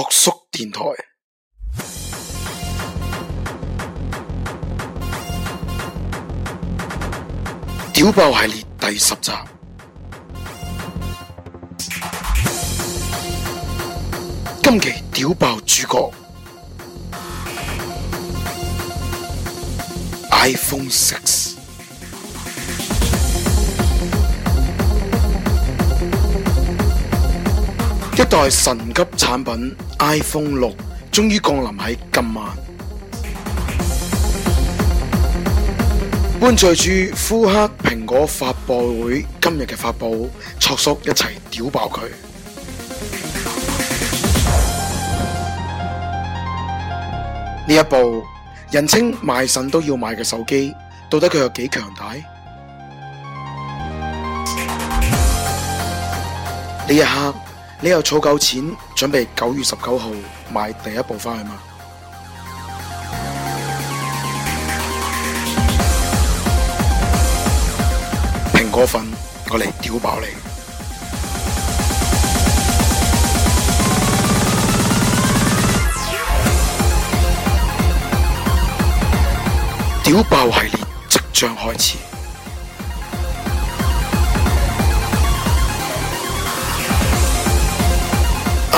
托叔電台，屌爆系列第十集。今期屌爆主角 iPhone Six，一代神級產品。iPhone 六終於降臨喺今晚，伴隨住，呼克蘋果發布會今日嘅發布，卓叔一齊屌爆佢！呢一部人稱賣腎都要買嘅手機，到底佢有幾強大？呢 一刻。你又儲夠錢，準備九月十九號買第一部翻去嗎？蘋果粉，我嚟屌爆你！屌爆系列即將開始。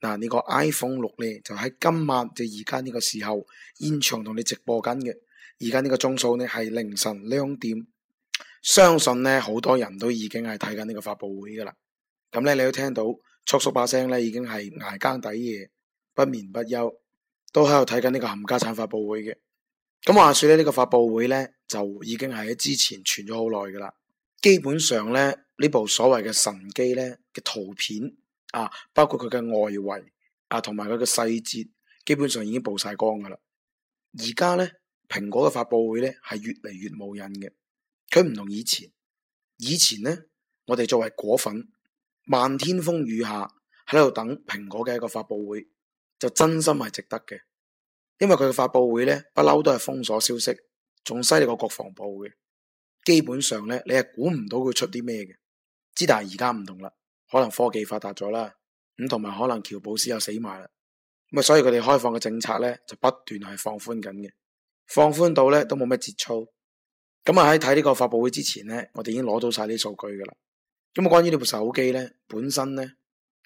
嗱，個6呢個 iPhone 六咧，就喺今晚就而家呢個時候現場同你直播緊嘅。而家呢個鐘數呢，係凌晨兩點，相信呢，好多人都已經係睇緊呢個發佈會噶啦。咁、嗯、咧，你都聽到速叔把聲咧，已經係捱更抵夜不眠不休，都喺度睇緊呢個冚家產發佈會嘅。咁、嗯、話說咧，呢、這個發佈會呢，就已經係喺之前傳咗好耐噶啦。基本上呢，呢部所謂嘅神機呢嘅圖片。啊，包括佢嘅外圍啊，同埋佢嘅細節，基本上已經曝晒光噶啦。而家咧，蘋果嘅發佈會咧係越嚟越冇癮嘅。佢唔同以前，以前咧，我哋作為果粉，漫天風雨下喺度等蘋果嘅一個發佈會，就真心係值得嘅。因為佢嘅發佈會咧，不嬲都係封鎖消息，仲犀利過國防部嘅。基本上咧，你係估唔到佢出啲咩嘅。之但係而家唔同啦。可能科技發達咗啦，咁同埋可能喬布斯又死埋啦，咁啊所以佢哋開放嘅政策呢，就不斷係放寬緊嘅，放寬到呢都冇咩節操，咁啊喺睇呢個發布會之前呢，我哋已經攞到晒啲數據噶啦，咁啊關於呢部手機呢，本身呢，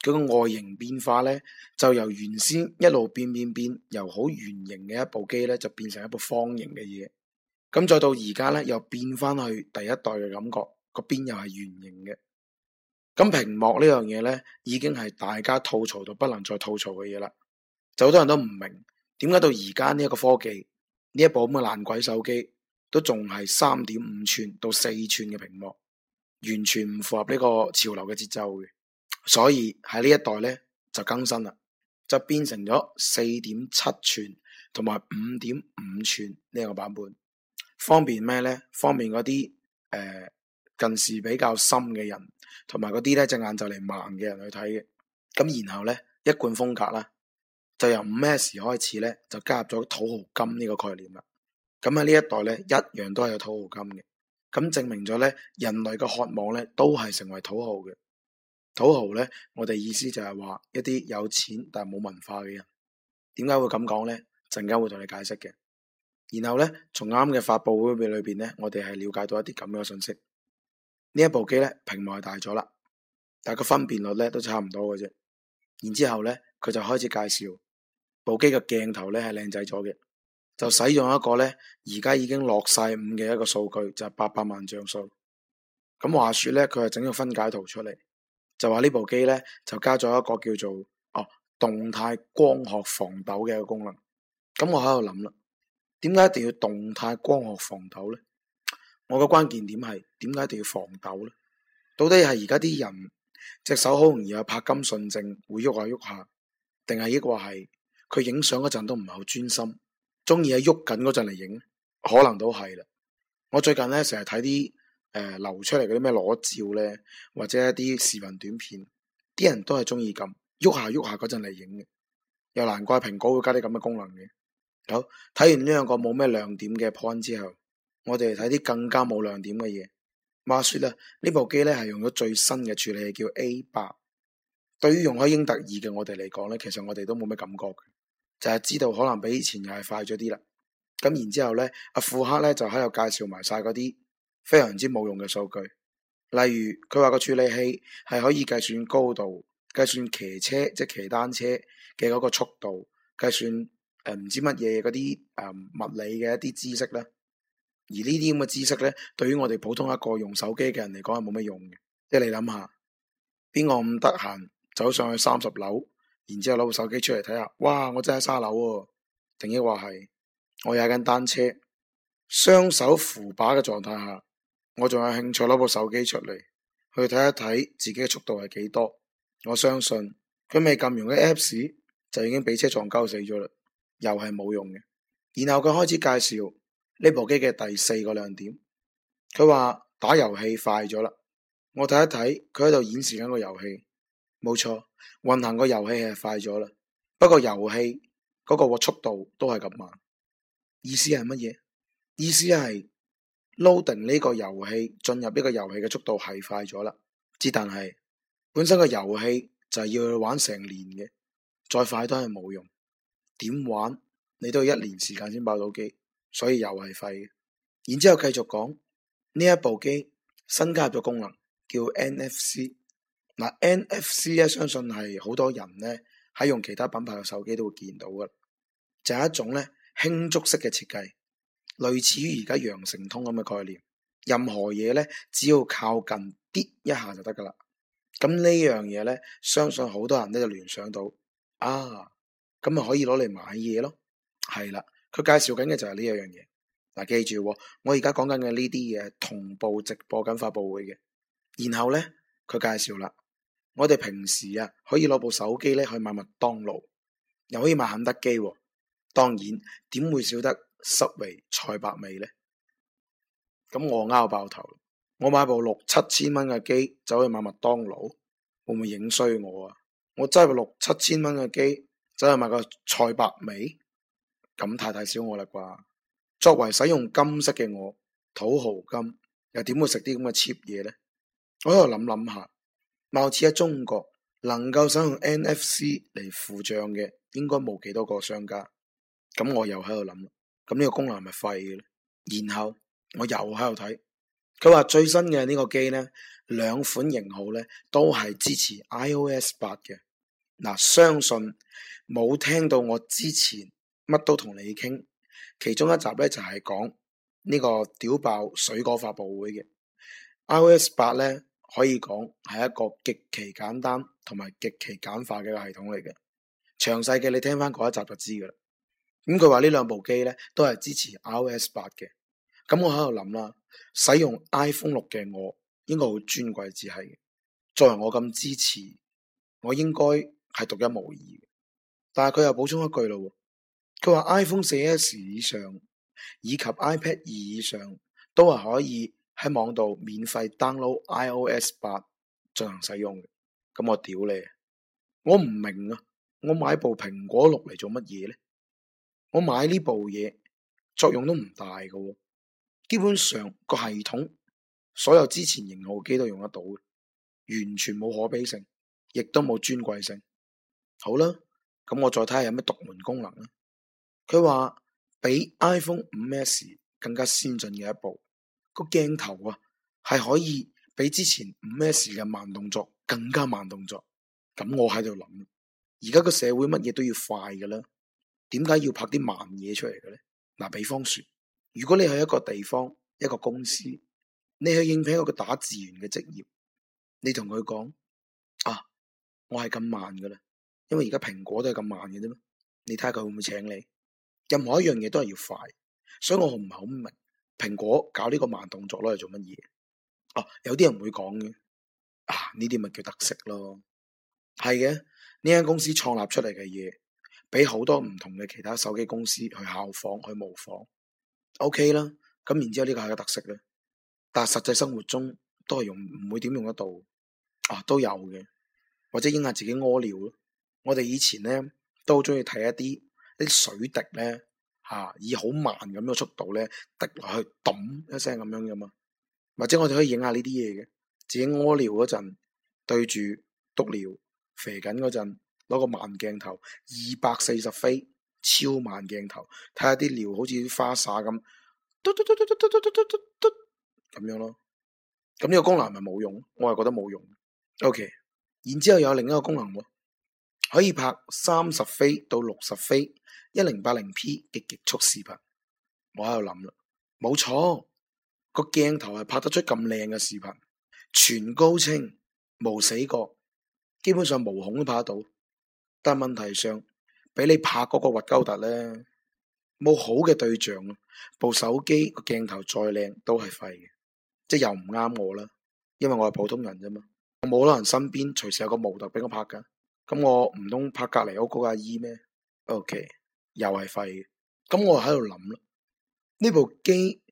佢個外形變化呢，就由原先一路變變變，由好圓形嘅一部機呢，就變成一部方形嘅嘢，咁再到而家呢，又變翻去第一代嘅感覺，個邊又係圓形嘅。咁屏幕呢樣嘢呢，已經係大家吐槽到不能再吐槽嘅嘢啦。就好多人都唔明，點解到而家呢一個科技呢一部咁嘅爛鬼手機，都仲係三點五寸到四寸嘅屏幕，完全唔符合呢個潮流嘅節奏嘅。所以喺呢一代呢，就更新啦，就變成咗四點七寸同埋五點五寸呢個版本，方便咩呢？方便嗰啲誒近視比較深嘅人。同埋嗰啲呢，隻眼就嚟盲嘅人去睇嘅。咁然後呢，一貫風格啦，就由五 s 開始呢，就加入咗土豪金呢個概念啦。咁喺呢一代呢，一樣都係有土豪金嘅。咁證明咗呢，人類嘅渴望呢，都係成為土豪嘅。土豪呢，我哋意思就係話一啲有錢但係冇文化嘅人，點解會咁講呢？陣間會同你解釋嘅。然後呢，從啱嘅發布會裏邊呢，我哋係了解到一啲咁樣嘅信息。呢一部機咧，屏幕係大咗啦，但係個分辨率咧都差唔多嘅啫。然之後咧，佢就開始介紹部機嘅鏡頭咧係靚仔咗嘅，就使用一個咧而家已經落晒五嘅一個數據，就係八百萬像素。咁話說咧，佢係整咗分解圖出嚟，就話呢部機咧就加咗一個叫做哦動態光學防抖嘅一個功能。咁我喺度諗啦，點解一定要動態光學防抖咧？我嘅關鍵點係點解一定要防抖咧？到底係而家啲人隻手好容易有柏金遜症會喐下喐下，定係抑或係佢影相嗰陣都唔係好專心，中意喺喐緊嗰陣嚟影？可能都係啦。我最近咧成日睇啲誒流出嚟嗰啲咩裸照咧，或者一啲視頻短片，啲人都係中意咁喐下喐下嗰陣嚟影嘅，又難怪蘋果會加啲咁嘅功能嘅。好，睇完呢兩個冇咩亮點嘅 point 之後。我哋睇啲更加冇亮點嘅嘢。話說啦，部呢部機咧係用咗最新嘅處理器，叫 A 八。對於用開英特爾嘅我哋嚟講咧，其實我哋都冇咩感覺，就係、是、知道可能比以前又係快咗啲啦。咁然之後咧，阿庫克咧就喺度介紹埋晒嗰啲非常之冇用嘅數據，例如佢話個處理器係可以計算高度、計算騎車即係騎單車嘅嗰個速度、計算誒唔、呃、知乜嘢嗰啲誒物理嘅一啲知識咧。而呢啲咁嘅知識咧，對於我哋普通一個用手機嘅人嚟講，係冇乜用嘅。即係你諗下，邊個咁得閒走上去三十樓，然之後攞部手機出嚟睇下，哇！我真係沙樓喎，啊，定抑或係我踩緊單車，雙手扶把嘅狀態下，我仲有興趣攞部手機出嚟去睇一睇自己嘅速度係幾多？我相信佢未撳完嘅 apps 就已經俾車撞鳩死咗啦，又係冇用嘅。然後佢開始介紹。呢部機嘅第四個亮點，佢話打遊戲快咗啦。我睇一睇，佢喺度演示緊個遊戲，冇錯，運行個遊戲係快咗啦。不過遊戲嗰個速度都係咁慢，意思係乜嘢？意思係 loading 呢個遊戲進入呢個遊戲嘅速度係快咗啦，之但係本身個遊戲就係要去玩成年嘅，再快都係冇用。點玩？你都要一年時間先爆到機。所以又係廢嘅。然之後繼續講呢一部機新加入咗功能叫 NFC。嗱 NFC 咧，相信係好多人咧喺用其他品牌嘅手機都會見到嘅，就係、是、一種咧輕觸式嘅設計，類似於而家羊城通咁嘅概念。任何嘢咧，只要靠近啲一,一下就得噶啦。咁呢樣嘢咧，相信好多人咧就聯想到啊，咁咪可以攞嚟買嘢咯，係啦。佢介紹緊嘅就係呢一樣嘢，嗱、啊、記住，我而家講緊嘅呢啲嘢同步直播緊發佈會嘅。然後咧，佢介紹啦，我哋平時啊可以攞部手機咧去買麥當勞，又可以買肯德基、啊。當然點會少得濕味菜百味咧？咁我拗爆頭，我買部六七千蚊嘅機走去買麥當勞，會唔會影衰我啊？我揸部六七千蚊嘅機走去買個菜百味？咁太太少我啦啩！作為使用金色嘅我，土豪金又點會食啲咁嘅 cheap 嘢呢？我喺度諗諗下，貌似喺中國能夠使用 NFC 嚟付賬嘅，應該冇幾多個商家。咁我又喺度諗，咁呢個功能係咪廢嘅呢？然後我又喺度睇，佢話最新嘅呢個機呢，兩款型號呢都係支持 iOS 八嘅。嗱、啊，相信冇聽到我之前。乜都同你傾，其中一集咧就係、是、講呢個屌爆水果發佈會嘅。iOS 八咧可以講係一個極其簡單同埋極其簡化嘅一個系統嚟嘅。詳細嘅你聽翻嗰一集就知噶啦。咁佢話呢兩部機咧都係支持 iOS 八嘅。咁、嗯、我喺度諗啦，使用 iPhone 六嘅我應該好尊貴至係。作為我咁支持，我應該係獨一無二嘅。但係佢又補充一句啦。佢話 iPhone 四 S 以上以及 iPad 二以上都係可以喺網度免費 download iOS 八進行使用嘅。咁我屌你，我唔明啊！我買部蘋果六嚟做乜嘢呢？我買呢部嘢，作用都唔大㗎喎，基本上個系統所有之前型號機都用得到，完全冇可比性，亦都冇尊貴性。好啦，咁我再睇下有咩獨門功能啦。佢話比 iPhone 五 S 更加先進嘅一步，個鏡頭啊係可以比之前五 S 嘅慢動作更加慢動作。咁我喺度諗，而家個社會乜嘢都要快噶啦，點解要拍啲慢嘢出嚟嘅咧？嗱，比方說，如果你係一個地方一個公司，你去應聘一個打字員嘅職業，你同佢講啊，我係咁慢噶啦，因為而家蘋果都係咁慢嘅啫，你睇下佢會唔會請你？任何一樣嘢都係要快，所以我唔係好明蘋果搞呢個慢動作攞嚟做乜嘢？哦、啊，有啲人會講嘅，啊呢啲咪叫特色咯，係嘅。呢間公司創立出嚟嘅嘢，俾好多唔同嘅其他手機公司去效仿去模仿，OK 啦。咁然之後呢個係個特色咧，但係實際生活中都係用唔會點用得到。啊，都有嘅，或者應下自己屙尿咯。我哋以前咧都好中意睇一啲。啲水滴咧吓，以好慢咁嘅速度咧滴落去，咚一聲咁樣噶嘛，或者我哋可以影下呢啲嘢嘅，自己屙尿嗰陣，對住督尿、肥緊嗰陣，攞個慢鏡頭，二百四十飛超慢鏡頭，睇下啲尿好似花灑咁，嘟嘟嘟嘟嘟嘟嘟嘟嘟咁樣咯。咁呢個功能係咪冇用？我係覺得冇用。OK，然之後有另一個功能喎。可以拍三十飛到六十飛一零八零 P 嘅極速視頻，我喺度諗啦，冇錯，個鏡頭係拍得出咁靚嘅視頻，全高清，無死角，基本上毛孔都拍得到。但係問題上，俾你拍嗰個核鳩突咧，冇好嘅對象，部手機個鏡頭再靚都係廢嘅，即係又唔啱我啦，因為我係普通人啫嘛，我冇可能身邊隨時有個模特俾我拍噶。咁我唔通拍隔籬屋嗰個阿姨咩？OK，又係廢。咁我喺度諗啦，呢部機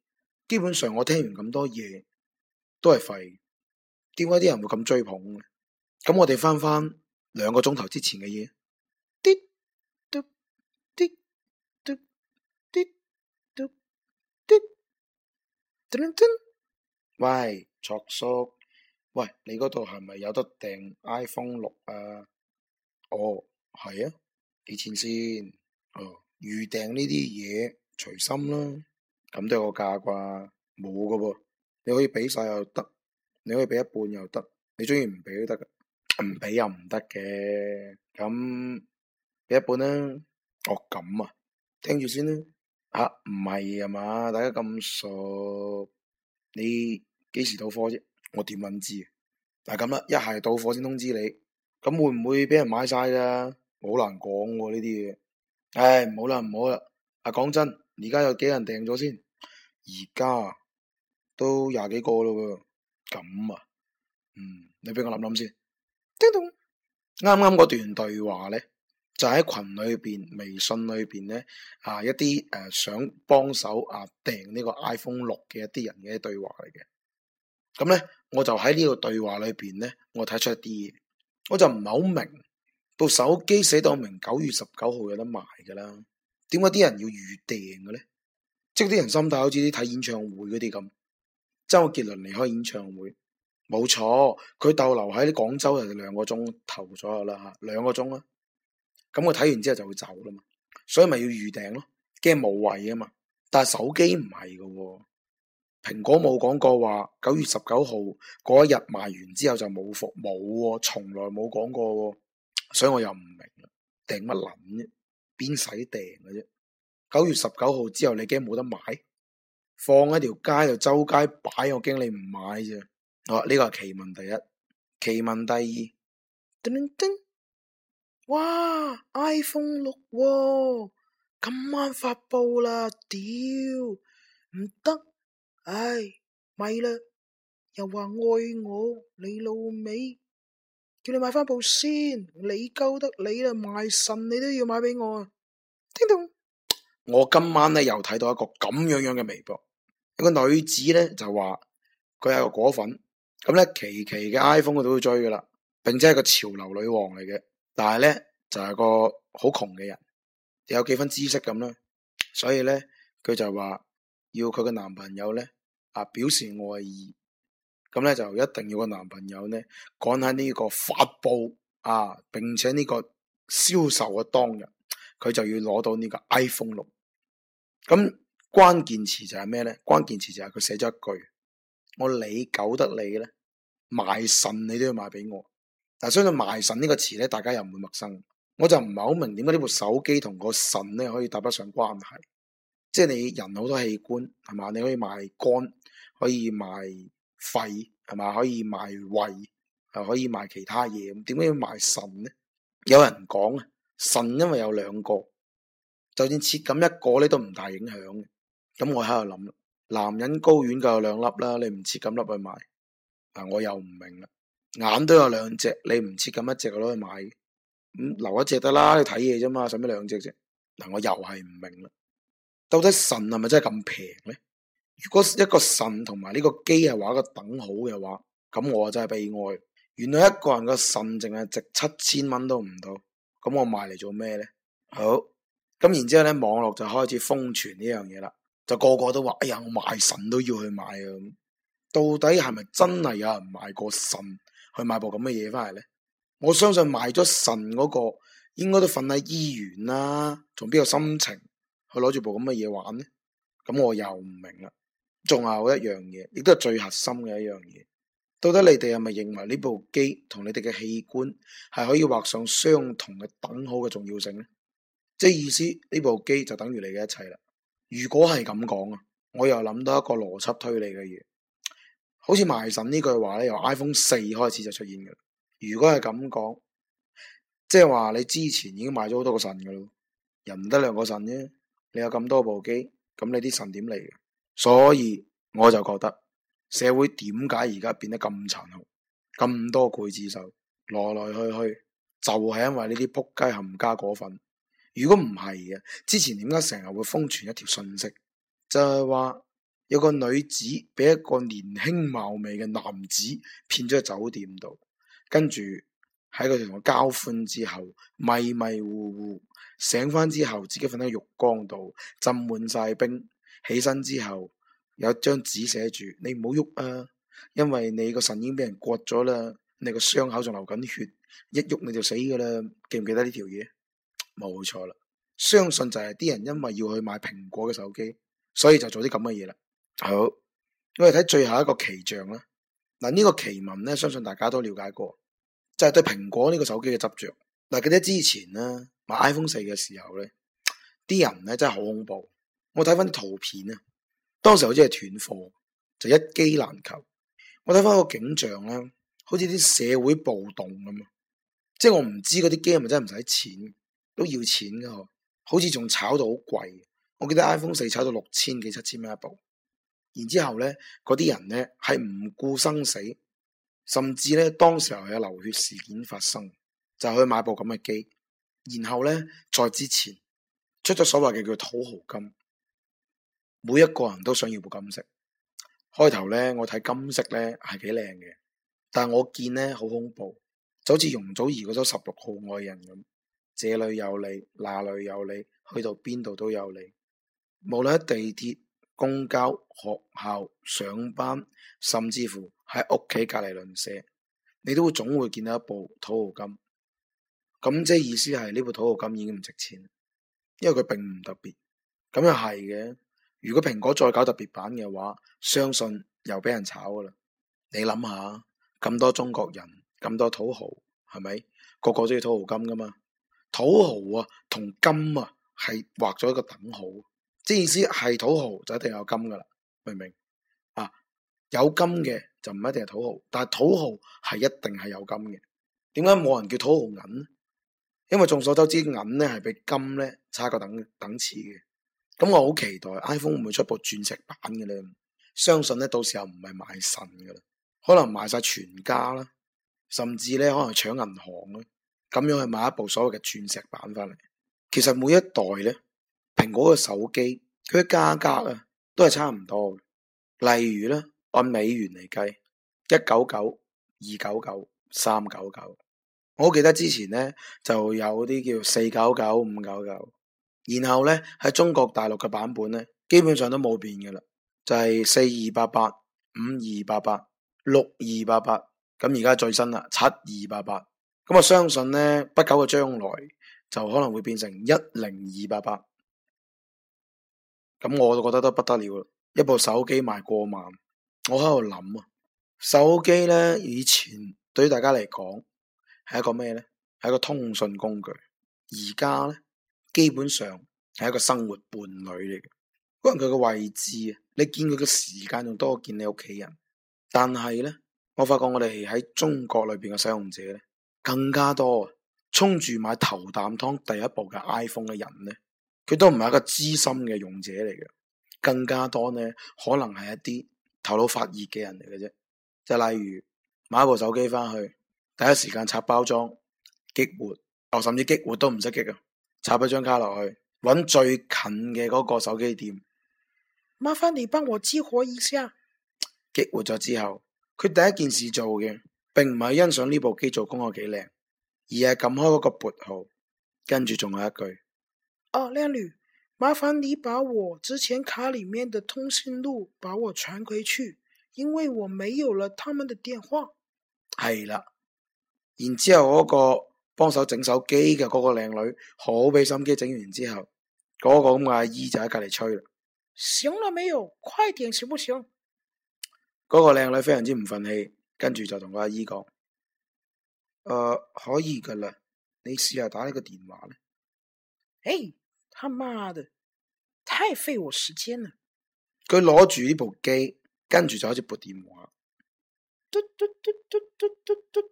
基本上我聽完咁多嘢,都係廢。點解啲人會咁追捧？咁我哋翻翻兩個鐘頭之前嘅嘢。喂，卓叔，喂，你嗰度係咪有得訂 iPhone 六啊？哦，係啊，幾錢先？哦，預訂呢啲嘢隨心啦，咁都有個價啩？冇噶噃，你可以俾晒又得，你可以俾一半又得，你中意唔俾都得嘅，唔俾又唔得嘅。咁俾一半啦。哦，咁啊，聽住先啦。吓、啊，唔係啊嘛？大家咁熟，你幾時到貨啫？我點揾知？嗱咁啊，一係到貨先通知你。咁會唔會俾人買晒噶？難哎、好難講喎呢啲嘢。唉，唔好啦，唔好啦。啊，講真，而家有幾人訂咗先？而家都廿幾個咯。咁啊，嗯，你俾我諗諗先。啱啱嗰段對話咧，就喺、是、群裏邊、微信裏邊咧，啊一啲誒想幫手啊訂呢個 iPhone 六嘅一啲人嘅對話嚟嘅。咁咧，我就喺呢個對話裏邊咧，我睇出一啲嘢。我就唔係好明部手機寫到明九月十九號有得賣噶啦，點解啲人要預訂嘅咧？即係啲人心態好似啲睇演唱會嗰啲咁，周杰倫嚟開演唱會，冇錯，佢逗留喺啲廣州係兩個鐘頭左右啦，啊、兩個鐘啦、啊，咁我睇完之後就會走啦嘛，所以咪要預訂咯，驚冇位啊嘛，但係手機唔係噶喎。蘋果冇講過話九月十九號嗰一日賣完之後就冇服冇喎，從、哦、來冇講過喎、哦，所以我又唔明啦，訂乜捻啫？邊使訂嘅啫？九月十九號之後你驚冇得買？放喺條街又周街擺，我驚你唔買啫。哦，呢個係奇聞第一，奇聞第二。叮叮叮，哇！iPhone 六、喎，今晚發佈啦！屌，唔得。唉，咪啦，又話愛我，你老味，叫你買翻部先，你夠得你啦，賣腎你都要買俾我啊！聽到我今晚咧又睇到一個咁樣樣嘅微博，一個女子咧就話佢係個果粉，咁咧期期嘅 iPhone 佢都會追噶啦，並且係個潮流女王嚟嘅，但係咧就係個好窮嘅人，有幾分知識咁啦，所以咧佢就話。要佢嘅男朋友咧啊，表示愛意，咁咧就一定要個男朋友咧，趕喺呢個發布啊，並且呢個銷售嘅當日，佢就要攞到呢個 iPhone 六。咁關鍵詞就係咩咧？關鍵詞就係佢寫咗一句：我你狗得你咧，賣腎你都要賣俾我。嗱、啊，相信賣腎呢個詞咧，大家又唔會陌生。我就唔係好明點解呢部手機同個腎咧可以搭得上關係。即係你人好多器官係嘛，你可以賣肝，可以賣肺，係嘛，可以賣胃，又、啊、可以賣其他嘢。點解要賣腎咧？有人講啊，腎因為有兩個，就算切咁一個咧都唔大影響嘅。咁我喺度諗，男人睾丸就有兩粒啦，你唔切咁粒去賣，嗱我又唔明啦。眼都有兩隻，你唔切咁一隻攞去賣，咁留一隻得啦，你睇嘢啫嘛，使乜兩隻啫？嗱我又係唔明啦。到底腎係咪真係咁平呢？如果一個腎同埋呢個機係畫一個等號嘅話，咁我啊真係悲哀。原來一個人嘅腎淨係值七千蚊都唔到，咁我賣嚟做咩呢？好，咁然之後咧，網絡就開始瘋傳呢樣嘢啦，就個個都話，哎呀，我賣腎都要去買啊！到底係咪真係有人賣過腎去買部咁嘅嘢翻嚟呢？我相信賣咗腎嗰個應該都瞓喺醫院啦，仲邊有心情？佢攞住部咁嘅嘢玩咧，咁我又唔明啦。仲有一樣嘢，亦都係最核心嘅一樣嘢。到底你哋係咪認為呢部機同你哋嘅器官係可以畫上相同嘅等號嘅重要性咧？即係意思呢部機就等於你嘅一切啦。如果係咁講啊，我又諗到一個邏輯推理嘅嘢，好似賣腎呢句話咧，由 iPhone 四開始就出現嘅。如果係咁講，即係話你之前已經賣咗好多個腎噶啦，人唔得兩個腎啫。你有咁多部機，咁你啲神點嚟？所以我就覺得社會點解而家變得咁殘酷，咁多劊子手，來來去去，就係因為呢啲撲街冚家過分。如果唔係嘅，之前點解成日會封存一條信息，就係話有個女子俾一個年輕貌美嘅男子騙咗去酒店度，跟住喺佢同我交歡之後迷迷糊糊。醒翻之後，自己瞓喺浴缸度，浸滿晒冰。起身之後，有一張紙寫住：你唔好喐啊，因為你個腎已經俾人割咗啦，你個傷口仲流緊血，一喐你就死噶啦。記唔記得呢條嘢？冇錯啦。相信就係啲人因為要去買蘋果嘅手機，所以就做啲咁嘅嘢啦。好，我哋睇最後一個奇象啦。嗱，呢個奇聞咧，相信大家都了解過，就係對蘋果呢個手機嘅執着。嗱，記得之前呢。iPhone 四嘅時候咧，啲人咧真係好恐怖。我睇翻啲圖片啊，當時好似係斷貨，就一機難求。我睇翻個景象咧，好似啲社會暴動咁啊！即係我唔知嗰啲機係咪真係唔使錢，都要錢噶。好似仲炒到好貴。我記得 iPhone 四炒到六千幾、七千蚊一部。然之後咧，嗰啲人咧係唔顧生死，甚至咧當時候有流血事件發生，就是，去買部咁嘅機。然後呢，在之前出咗所謂嘅叫土豪金，每一個人都想要部金色。開頭呢，我睇金色呢係幾靚嘅，但我見呢好恐怖，就好似容祖兒嗰首《十六號愛人》咁，這裏有你，那裏有你，去到邊度都有你。無論喺地鐵、公交、學校、上班，甚至乎喺屋企隔籬鄰舍，你都會總會見到一部土豪金。咁即係意思係呢部土豪金已經唔值錢，因為佢並唔特別。咁又係嘅。如果蘋果再搞特別版嘅話，相信又俾人炒噶啦。你諗下，咁多中國人，咁多土豪，係咪？個個都要土豪金噶嘛？土豪啊，同金啊係畫咗一個等號。即係意思係土豪就一定有金噶啦，明唔明？啊，有金嘅就唔一定係土豪，但係土豪係一定係有金嘅。點解冇人叫土豪銀咧？因為眾所周知，銀咧係比金咧差個等等次嘅。咁我好期待 iPhone 會唔會出部鑽石版嘅咧？相信咧到時候唔係賣腎噶啦，可能賣晒全家啦，甚至咧可能搶銀行啦，咁樣去買一部所謂嘅鑽石版翻嚟。其實每一代咧，蘋果嘅手機佢嘅價格啊都係差唔多。例如咧，按美元嚟計，一九九、二九九、三九九。我記得之前咧就有啲叫四九九、五九九，然後咧喺中國大陸嘅版本咧，基本上都冇變嘅啦，就係四二八八、五二八八、六二八八，咁而家最新啦，七二八八，咁我相信咧不久嘅將來就可能會變成一零二八八，咁我都覺得都不得了啦，一部手機賣過萬，我喺度諗啊，手機咧以前對大家嚟講。係一個咩咧？係一個通訊工具。而家咧，基本上係一個生活伴侶嚟嘅。可能佢嘅位置啊，你見佢嘅時間仲多過見你屋企人。但係咧，我發覺我哋喺中國裏邊嘅使用者咧，更加多。沖住買頭啖湯第一部嘅 iPhone 嘅人咧，佢都唔係一個資深嘅用者嚟嘅。更加多咧，可能係一啲頭腦發熱嘅人嚟嘅啫。就例如買一部手機翻去。第一時間拆包裝激活，我、哦、甚至激活都唔識激啊！插咗張卡落去，搵最近嘅嗰個手機店，麻煩你幫我激活一下。激活咗之後，佢第一件事做嘅，並唔係欣賞呢部機做工有幾靚，而係撳開嗰個撥號，跟住仲有一句：，哦，靚女，麻煩你把我之前卡裏面嘅通訊錄把我傳回去，因為我沒有了他們的電話。係啦。然之後嗰個幫手整手機嘅嗰個靚女好俾心機整完之後，嗰個咁嘅阿姨就喺隔籬吹啦。行了沒有？快點行不行？嗰個靚女非常之唔忿氣，跟住就同個阿姨講：，誒、呃，可以噶啦，你試下打呢個電話啦。誒、哎，他媽的，太費我時間啦！佢攞住呢部機，跟住就開始撥電話。嘟嘟嘟嘟嘟嘟嘟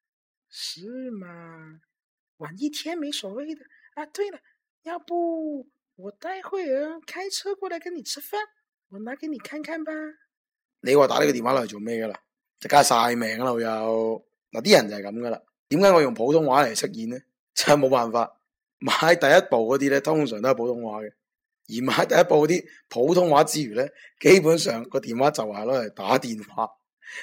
是嘛？玩一天沒所謂的啊！對了，要不我待會兒開車過來跟你吃飯，我拿給你看看吧。你話打呢個電話嚟做咩噶啦？就加晒命啦又，嗱啲人就係咁噶啦。點解我用普通話嚟出現呢？真係冇辦法。買第一部嗰啲咧，通常都係普通話嘅；而買第一部嗰啲普通話之餘咧，基本上個電話就係攞嚟打電話。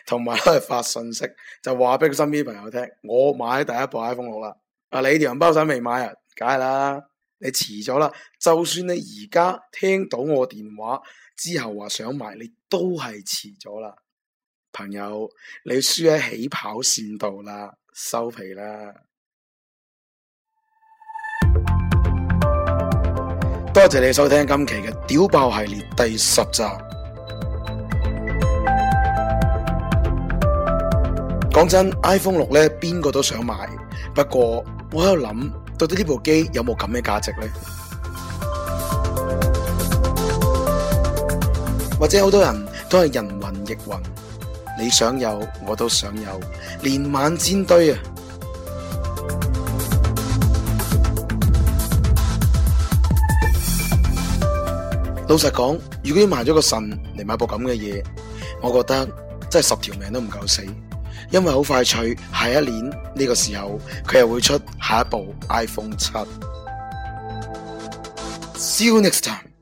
同埋都係發信息，就話俾佢身邊朋友聽，我買第一部 iPhone 六啦。啊，你條人包仔未買啊？梗係啦，你遲咗啦。就算你而家聽到我電話之後話想買，你都係遲咗啦，朋友，你輸喺起跑線度啦，收皮啦。多謝你收聽今期嘅屌爆系列第十集。講真，iPhone 六咧，邊個都想買。不過我喺度諗，到底呢部機有冇咁嘅價值呢？ 或者好多人都係人云亦云，你想有，我都想有，連晚煎堆啊！ 老實講，如果要賣咗個腎嚟買部咁嘅嘢，我覺得真係十條命都唔夠死。因為好快脆，下一年呢個時候佢又會出下一部 iPhone 七。See you next time.